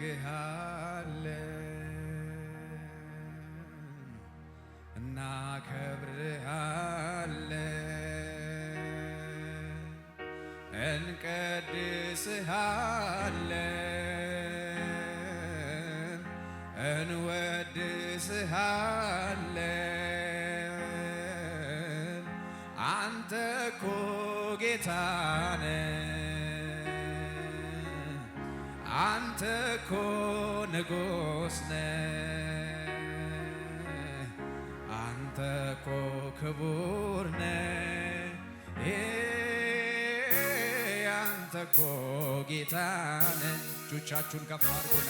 que እኮ ንጉሥ ነህ፣ አንተ እኮ ክቡር አንተ እኮ ጌታ እጆቻችሁን ከፍ አድርጉና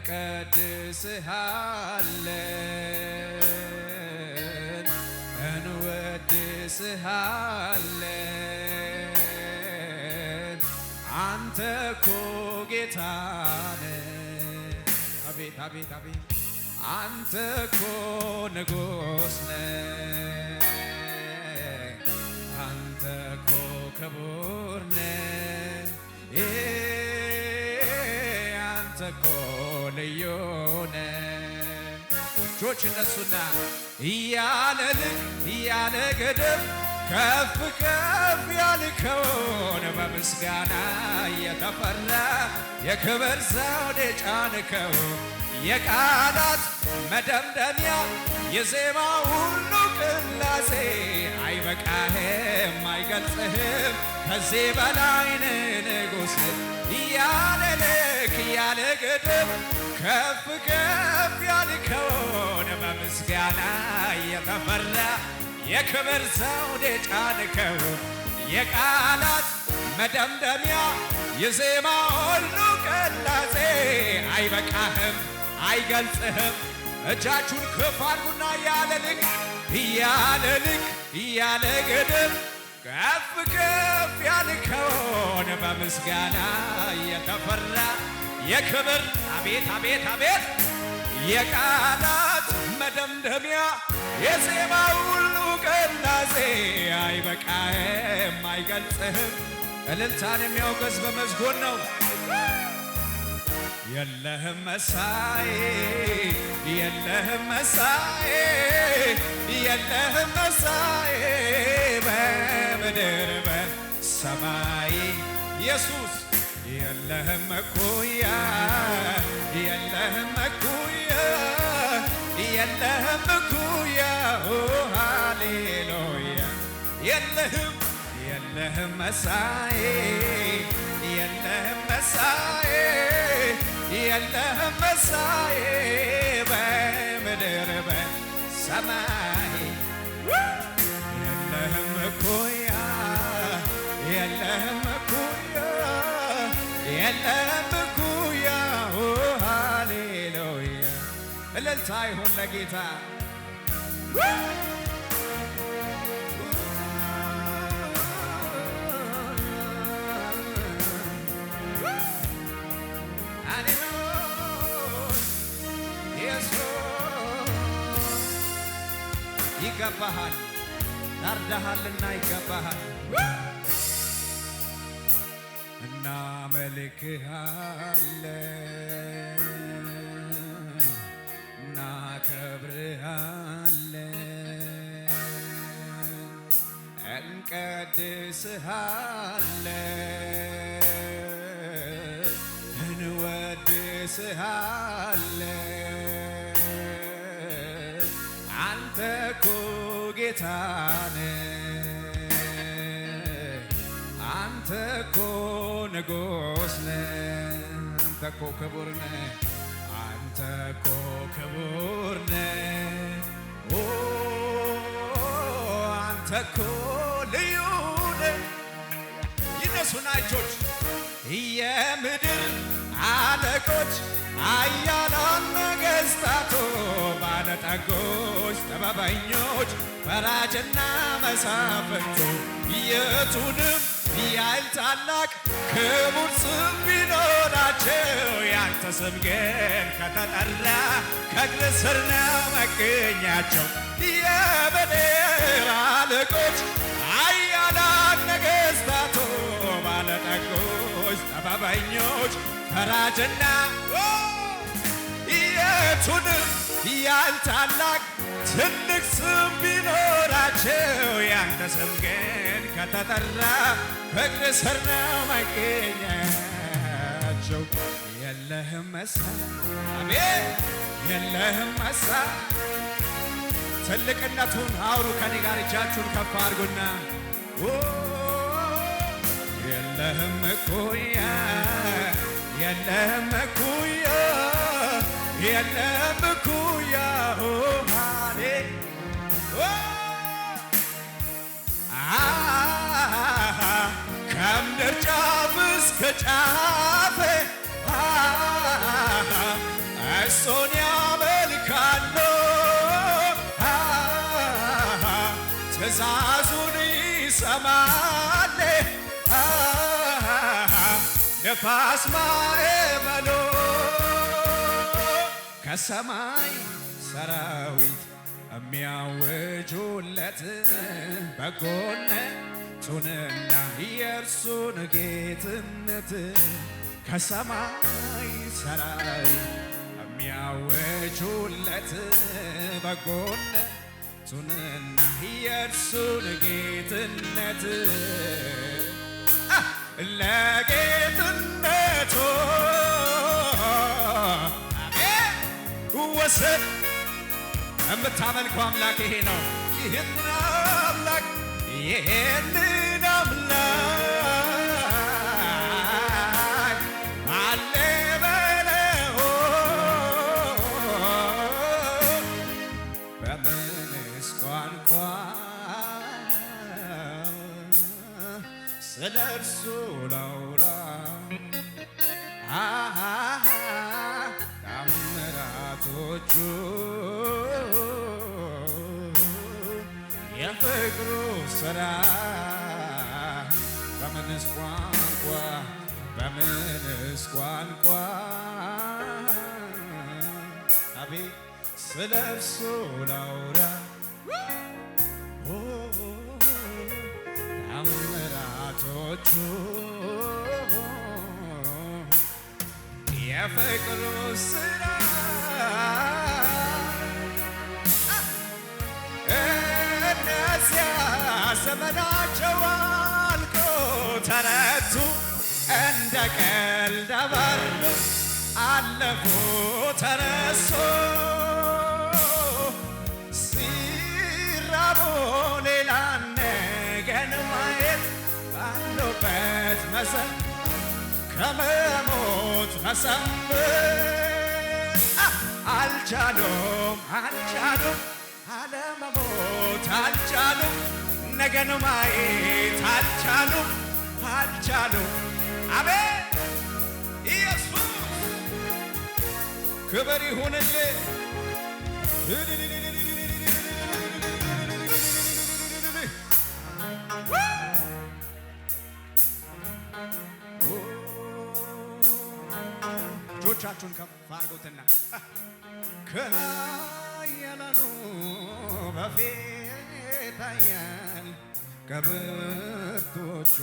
እንቀድስሃለን እንወድስሃለን አንተ ኮ ጌታነ አቤት አቤት አቤት አንተ አንተ ክቡር ልጆች እነሱና እያለ ልክ እያለ ገደብ ከፍ ከፍ ያልከውን በምስጋና እየተፈራ የክብር ዘውድ የጫንከው የቃላት መደምደሚያ የዜማ ሁሉ ቅላሴ አይበቃህም አይገልጽህም ከዚህ በላይ ንጉሥ እያለ ያለ ገደብ ከፍ ከፍ ያልከውን በምስጋና የተፈላ የክብር ዘውድ የጫንከው የቃላት መደምደሚያ የዜማ ሁሉ ቅላጼ አይበቃህም፣ አይገልጽህም። እጃችሁን ከፍ አድርጉና ያለ ልክ እያለ ልክ እያለ ገደብ ከፍ ከፍ ያልከውን በምስጋና የተፈራ የክብር አቤት አቤት አቤት የቃላት መደምደሚያ የዜማ ሁሉ ቅላጼ አይበቃህም፣ አይገልጽህም። እልልታን የሚያወገዝ በመዝጎን ነው። የለህም መሳይ የለህም መሳይ የለህም መሳይ በምድር በሰማይ ኢየሱስ የለህም እኩያ የለህም እኩያ የለህም እኩያ ሃሌሉያ የለህም የለህም መሳዬ የለህም መሳዬ የለህም መሳዬ እምኩያ ሃሌሉያ እልልታ ይሁን ለጌታ ይገባሃል ታርዳሃልና ይገባሃል እና እናመልክሃለን፣ እናከብርሃለን፣ እንቀድስሃለን፣ እንወድስሃለን አንተ እኮ ጌታነ አንተ እኮ ንጉሥ ነ አንተ እኮ ክቡር ነህ፣ አንተ እኮ ክቡር አንተ እኮ ልዩ ይነሱና እጆች የምድር አለቆች አያላን ባለጠጎች ጥበበኞች ፈራጅና መሳፍንቱ የቱንም ያህል ታላቅ ክቡር ስም ቢኖራቸው ያንተ ስም ግን ከተጠራ ከእግር ስር ነው መገኛቸው። የበደር አለቆች፣ ኃያላን ነገሥታቱ፣ ባለጠጎች፣ ጥበበኞች፣ ፈራጅና የቱንም ያን ታላቅ ትልቅ ስም ቢኖራቸው ያንተ ስም ግን ከተጠራ ፍቅር ስር ነው ማይገኛቸው። የለህም መሳይ አቤት የለህም መሳይ ትልቅነቱን አውሩ ከኔ ጋር እጃችሁን ከፍ አድርጉና የለህም እኩያ የለህም እኩያ የለህም እኩያ ከምድር ጫፍ እስከ ጫፍ እሱን ያመልካሉ ትእዛዙን ይሰማል ነፋስ ማዕበሉ ከሰማይ ሰራዊት የሚያውጁለት በጎነቱንና የእርሱን ጌትነት ከሰማይ ሰራዊት የሚያውጁለት በጎነቱንና የእርሱን ጌትነት ለጌትነቱ ወሰን የምታመልከው አምላክ ይሄ ነው። ይህንን አምላክ ይህንን አምላክ አለ በለው በምንስ ቋንቋ ስለ እርሱ ላውራ በፍቅሩ ስራ በምንስ ቋንቋ በምንስ ቋንቋ አቤት ስለ እርሱ ላውራ ተአምራቶቹ የፍቅሩ ዘመናቸው አልቆ ተረቱ እንደ ቀልድ አበሩ አለፉ ተረሶ ሲራቦ ሌላ ነገን ማየት ባለበት መሰ ከመሞት መሰንበት አልቻሉም አልቻሉም አለመሞት አልቻሉም ነገን ማየት አልቻሉ አልቻሉ። አቤት ኢየሱስ ክብር ይሁንልህ። እጆቻችሁን ከፍ አድርጉትና ከያለኑ በፊት ይታያል ከብርቶቹ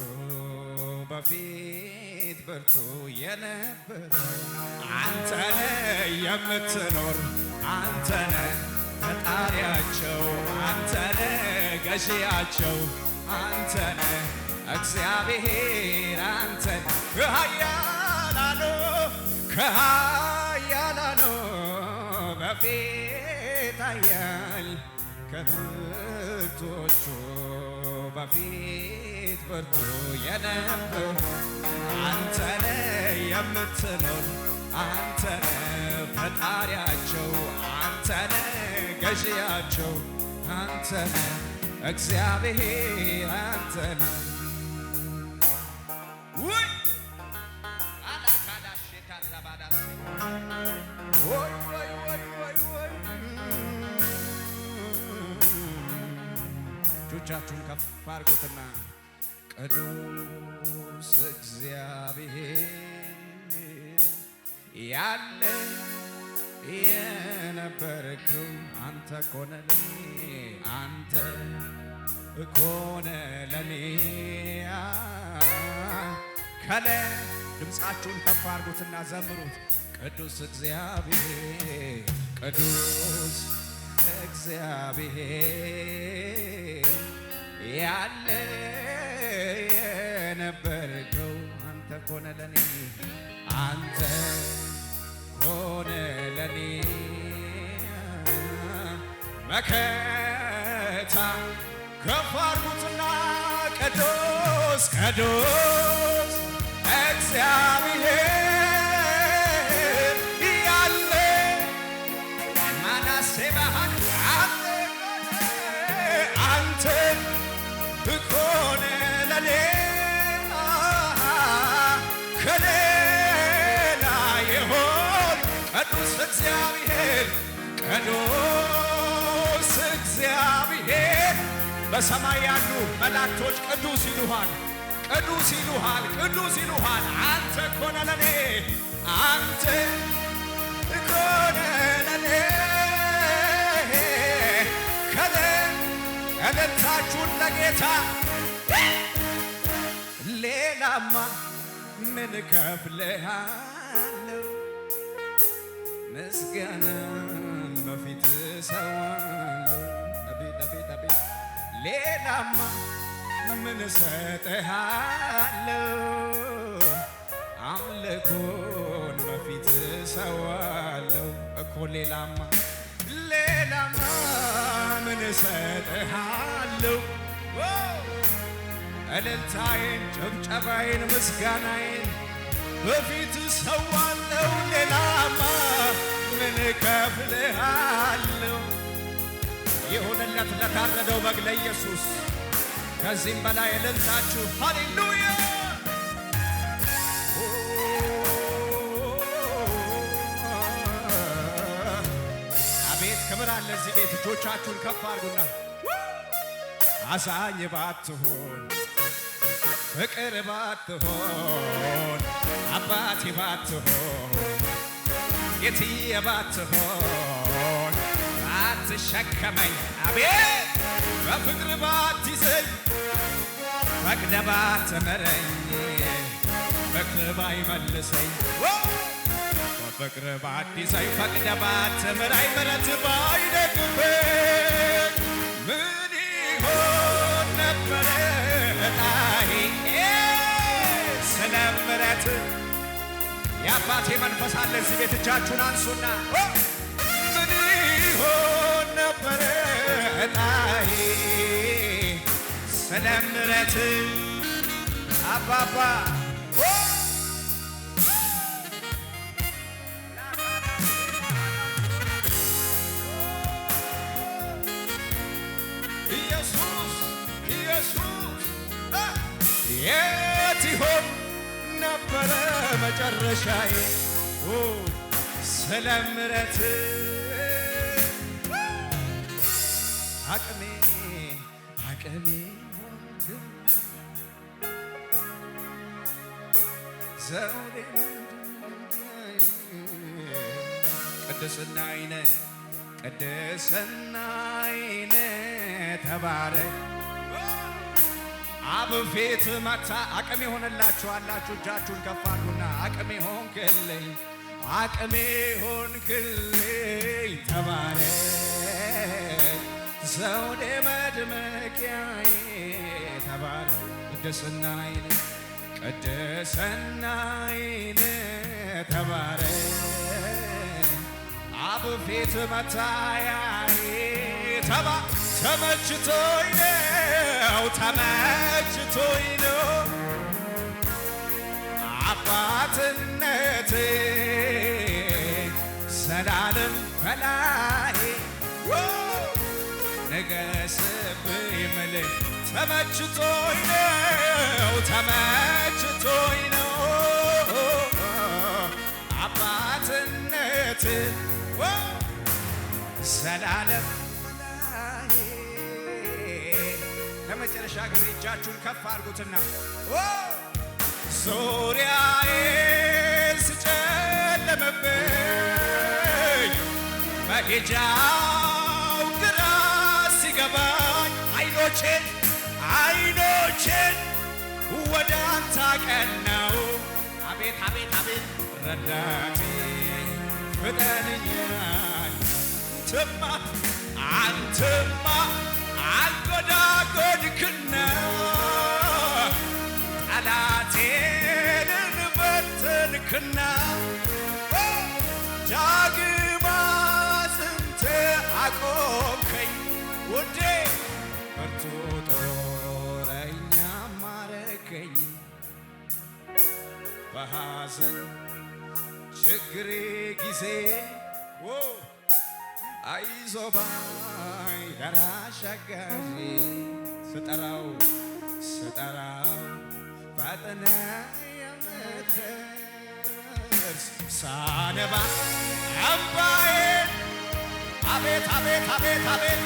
በፊት ብርቱ የነበረ አንተነ የምትኖር አንተነ ፈጣሪያቸው አንተነ ገዢያቸው አንተነ እግዚአብሔር አንተነ ከኃያላኑ ከኃያላኑ በፊት ታያል ከፍቶቹ በፊት ብርቱ የነበር አንተነ የምትኖር አንተነ ፈጣሪያቸው አንተነ ገዢያቸው አንተነ እግዚአብሔር አንተነ እጆቻችሁን ከፍ አድርጉትና ቅዱስ እግዚአብሔር ያለ የነበርከው አንተ ኮነ አንተ ኮነ ለኔ ከለ ድምፃችሁን ከፍ አድርጉትና ዘምሩት። ቅዱስ እግዚአብሔር ቅዱስ እግዚአብሔር ያለ የነበርከው አንተ ኮነ ለኔ አንተ ኮነ ለኔ መከታ ከፍ አድርጉትና ቅዱስ ቅዱስ እግዚአብሔር ከሌላ የሆን ቅዱስ እግዚአብሔር ቅዱስ እግዚአብሔር በሰማይ ያሉ መላእክቶች ቅዱስ ይሉሃል ቅዱስ ይሉሃል ቅዱስ ይሉሃል። አንተ እኮ ነህ ለኔ አንተ እኮ ለኔ ከለ እልልታችሁን ለጌታ ሌላማ ምን ከፍልሃለሁ ምስጋናን በፊት ሰዋለሁ ሌላማ ምን ሰጠሃለሁ አምልኮን በፊት ሰዋለሁ እኮ ሌላማ ሌላማ ምን ሰጠሃለሁ እልልታዬን፣ ጭብጨባዬን፣ ምስጋናዬን በፊት ሰዋለው። ሌላማ ምን ከፍልሃለሁ? ይሁንለት ለታረደው በግ ለኢየሱስ። ከዚህም በላይ እልልታችሁ ሃሌሉያ አቤት ክብር አለ እዚህ ቤት። እጆቻችሁን ከፍ አድርጉና አዛኝ ባትሆን ፍቅር ባትሆን አባቴ ባትሆን የትዬ ባትሆን ባትሸከመኝ አቤት በፍቅር ባትይዘኝ ፈቅደ ባትምረኝ ፍቅር ባይመልሰኝ በፍቅር ባትይዘኝ ፈቅደ ባትምረኝ ምረት ባይደግፈኝ ሐዋርያት የአባቴ መንፈስ አለ እዚህ ቤት እጃችሁን አንሱና ምን ይሆን ነበረ ዕጣዬ ስለ አባባ ኢየሱስ ኢየሱስ የት ይሆን ነበረ መጨረሻዬ ስለ ምረት አቅሜ አቅሜ ዘውዴ ቅድስና አይነ ቅድስና አይነ ተባረክ አብ መታ አቅሜ ሆነላችሁ አላችሁ እጃችሁን ከፋሉና አቅሜ ሆንክልኝ፣ አቅሜ ሆንክልኝ፣ ተባረክ ዘውዴ መድመቂያዬ፣ ተባረክ ቅድስናዬን ቅድስናዬን፣ ተባረክ አብ ፊት መታያዬ ተባ ተመችቶኝ ያው ተመችቶኝ ነው አባትነቴ ዘላለም በላይ ንገስብኝ ምልህ ተመችቶኝ ነው ተመችቶኝ ነው አባትነት ዘላለም መጨረሻ ጊዜ እጃችሁን ከፍ አድርጉትና ዙሪያዬን ስጨለምብኝ መሄጃው ግራ ሲገባኝ አይኖቼን አይኖቼን ወደ አንተ ቀነው አቤት አቤት አቤት ረዳቴ ፍጠንኛ አንተማ አንተማ ወዳጎድክና ጠላቴንን በተንክና ዳግማ ጽንት አቆምከኝ ውዴ በርቱ ጦረኛ ማረከኝ በሐዘን ችግሬ ጊዜ አይዞባይ ደራ አሻጋሪ ስጠራው ስጠራው ፈጥነ የምትደርስ ሳነባ አባዬ አቤት አቤት አቤት አቤት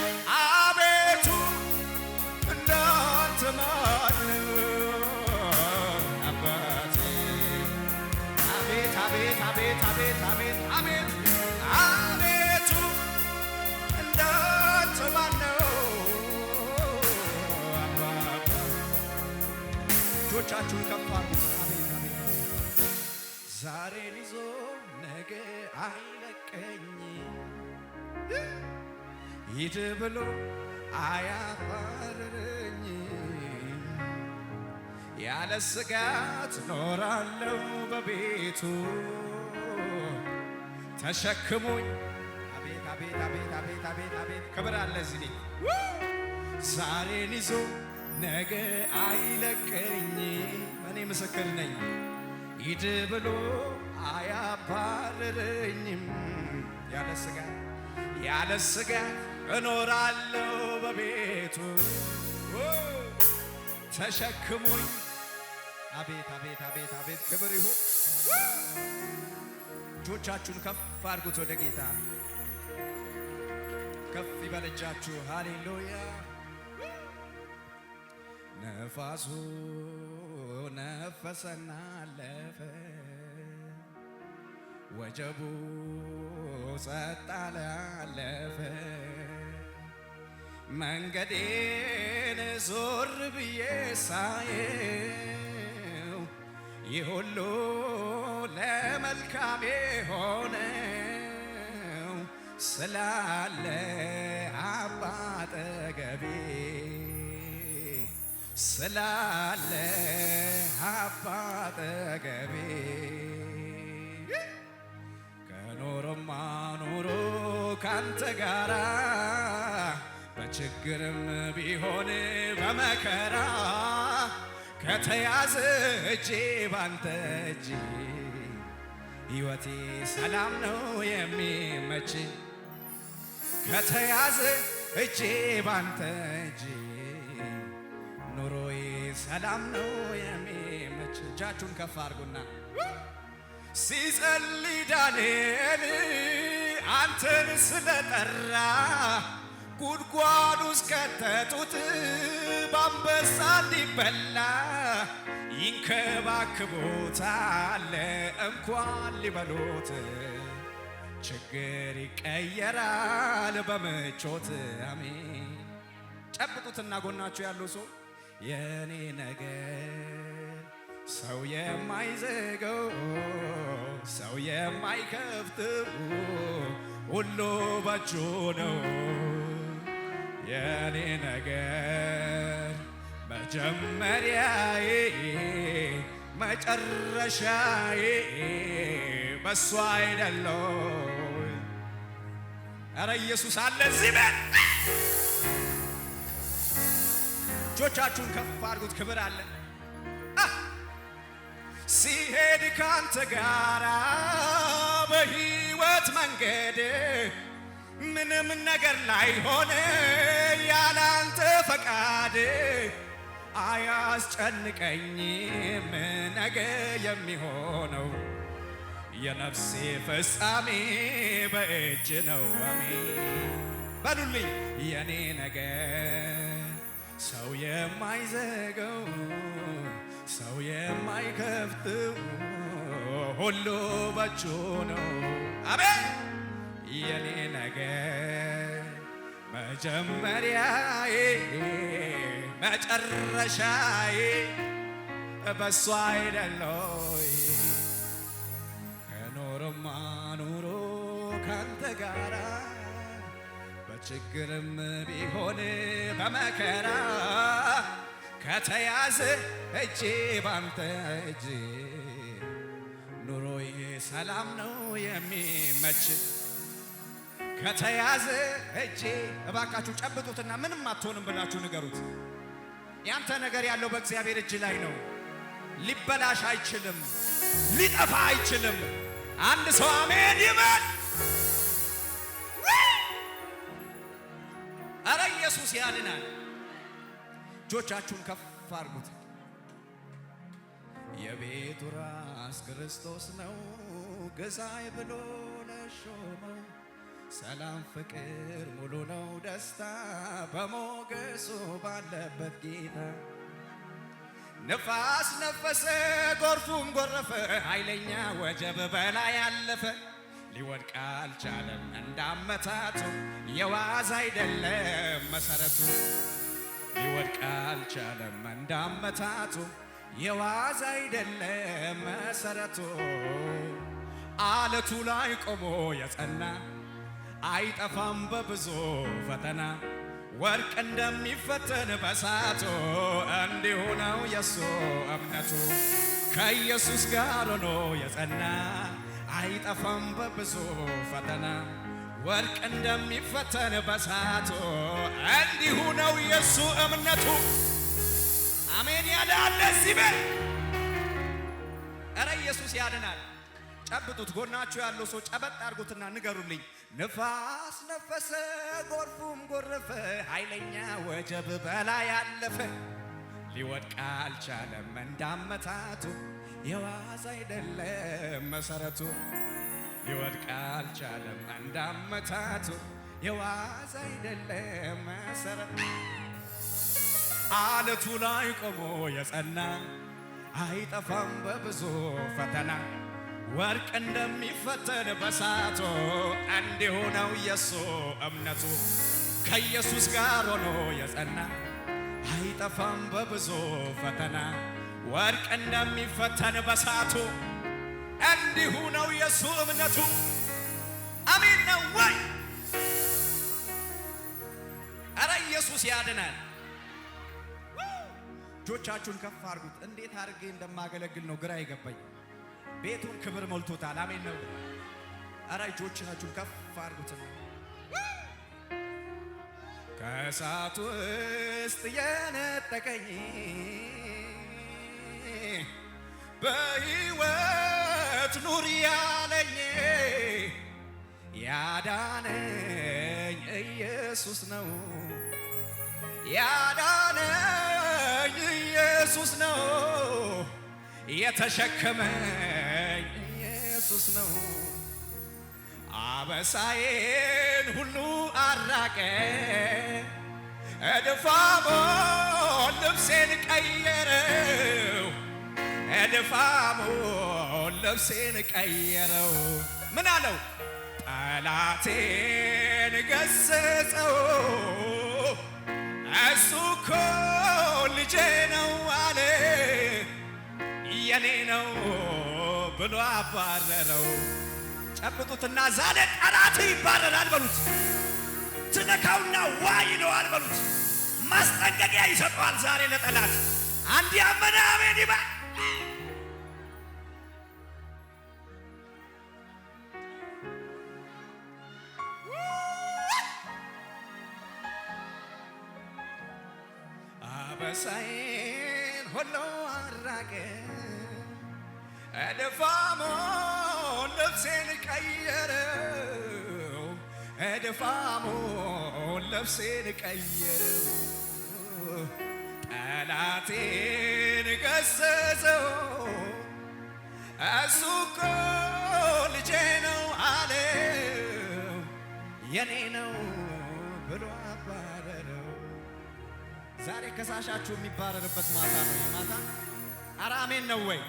እጆቻችሁን ከፍ አድርጉ። አቤት ዛሬን ይዞ ነገ አይለቀኝ ሂድ ብሎ አያባርረኝ ያለ ስጋት ኖራለሁ በቤቱ ተሸክሞኝ አቤት አቤት አቤት አቤት አቤት ክብር አለ እዚህ ዛሬን ይዞ ነገ አይለቀኝ እኔ ምስክር ነኝ። ሂድ ብሎ አያባርረኝም። ያለ ስጋት ያለ ስጋት እኖራለሁ በቤቱ ተሸክሞኝ አቤት አቤት አቤት አቤት ክብር ይሁን። እጆቻችሁን ከፍ አድርጉት ወደ ጌታ ከፍ ይበል ሃሌሉያ ነፋሱ ነፈሰና አለፈ፣ ወጀቡ ጸጥ አለ አለፈ። መንገዴን ዞር ብዬ ሳየው ይህ ሁሉ ለመልካሜ ሆነው ስላለ ስላለ አባት አጠገቤ ከኖሮማ ኖሮ ካንተ ጋራ በችግርም ቢሆን በመከራ ከተያዘ እጄ ባንተ እጅ ሕይወቴ ሰላም ነው የሚመች ከተያዘ እጄ ባንተ እጅ ሰላም ነው የሚመች። እጃችሁን ከፍ አድርጉና ሲጸልይ ዳንኤል አንተን ስለጠራ ጉድጓድ ውስጥ ከተቱት ባንበሳ ሊበላ ይንከባክቦታል እንኳን ሊበሎት ችግር ይቀየራል በምቾት አሜን። ጨብጡትና ጎናችሁ ያለው ሰው የኔ ነገር ሰው የማይዘገው ሰው የማይከፍተው ሁሉ ባቹ ነው። የኔ ነገር መጀመሪያዬ መጨረሻዬ በሱ አይደለው። እረ ኢየሱስ አለ እዚህ እጆቻችሁን ከፍ አድርጉት። ክብር አለ ሲሄድ ካንተ ጋራ በህይወት መንገድ ምንም ነገር ላይ ሆነ ያላንተ ፈቃድ አያስጨንቀኝም ነገ የሚሆነው የነፍሴ ፍጻሜ በእጅ ነው። አሜን በሉልኝ የኔ ነገር ሰው የማይዘገው ሰው የማይከፍተው ሁሉ በእጁ ነው። አቤት የኔ ነገር መጀመሪያዬ መጨረሻዬ በእሱ አይደለይ ከኖርማ ኑሮ ካንተ ጋራ በችግርም ቢሆን በመከራ ከተያዘ እጄ ባንተ እጅ ኑሮዬ ሰላም ነው የሚመች ከተያዘ እጄ እባካችሁ ጨብጡትና ምንም አትሆንም ብላችሁ ንገሩት። ያንተ ነገር ያለው በእግዚአብሔር እጅ ላይ ነው። ሊበላሽ አይችልም፣ ሊጠፋ አይችልም። አንድ ሰው አሜን ይበል። ኢየሱስ ያድናል። እጆቻችሁን ከፍ አድርጉት። የቤቱ ራስ ክርስቶስ ነው፣ ግዛይ ብሎ ለሾመው ሰላም ፍቅር ሙሉ ነው ደስታ በሞገሱ ባለበት ጌታ ነፋስ ነፈሰ፣ ጎርፉን ጎረፈ፣ ኃይለኛ ወጀብ በላይ አለፈ! ሊወድቅ አልቻለም። እንዳመታቱ የዋዛ አይደለም መሰረቱ ሊወድቅ አልቻለም። እንዳመታቱ የዋዛ አይደለም መሰረቱ አለቱ ላይ ቆሞ የጸና አይጠፋም በብዙ ፈተና ወርቅ እንደሚፈተን በሳቱ እንዲሁ ነው የሱ እምነቱ ከኢየሱስ ጋር ሆኖ የጸና አይጠፋም በብዙ ፈተና ወርቅ እንደሚፈተን በሳቱ እንዲሁ ነው የእሱ እምነቱ። አሜን ያዳለ ሲበል እረ ኢየሱስ ያድናል። ጨብጡት፣ ጎናችሁ ያለው ሰው ጨበጥ አድርጉትና ንገሩልኝ። ንፋስ ነፈሰ፣ ጎርፉም ጎረፈ፣ ኃይለኛ ወጀብ በላይ አለፈ፣ ሊወድቅ አልቻለም እንዳመታቱ የዋዛ አይደለም መሰረቱ ሊወድቅ አልቻለም እንዳመታቱ የዋዛ አይደለም መሰረቱ አለቱ ላይ ቆሞ የጸና አይጠፋም በብዙ ፈተና ወርቅ እንደሚፈተን በሳቶ እንዲሁ ነው የሱ እምነቱ ከኢየሱስ ጋር ሆኖ የጸና አይጠፋም በብዙ ፈተና ወርቅ እንደሚፈተን በሰዓቱ እንዲሁ ነው የእሱ እምነቱ። አሜን ነው ወይ? ኧረ ኢየሱስ ያድናል። እጆቻችሁን ከፍ አድርጉት። እንዴት አድርጌ እንደማገለግል ነው ግራ የገባኝ። ቤቱን ክብር ሞልቶታል። አሜን ነው። ኧረ እጆቻችሁን ከፍ አድርጉት። ከእሳቱ ውስጥ የነጠቀኝ በሕይወት ኑር ያለኝ ያዳነኝ ኢየሱስ ነው ያዳነኝ ኢየሱስ ነው የተሸከመኝ ኢየሱስ ነው አበሳዬን ሁሉ አራቀ እድፋሞን ልብሴን ቀየረው እልፋሙ ልብሴን ቀየረው። ምን አለው? ጠላቴን ገሰጸው። እሱ እኮ ልጄ ነው አለ የኔ ነው ብሎ አባረረው። ጨብጡትና ዛሬ ጠላት ይባረራል በሉት። ትነካውና ዋይ ይለዋል በሉት። ማስጠንቀቂያ ይሰጠዋል ዛሬ ለጠላት አንድ ያመነ አሜን ይበል። መሳዬን ሁሉ አራቀ እድፋሙን ልብሴን ቀየረው እድፋሙን ልብሴን ቀየረው ጠላቴን ገሰጸው እሱ እኮ ልጄ ነው አለ የኔ ነው ከሳሻችሁ የሚባረርበት ማታ ነው። ማታ አራሜን ነው ወይ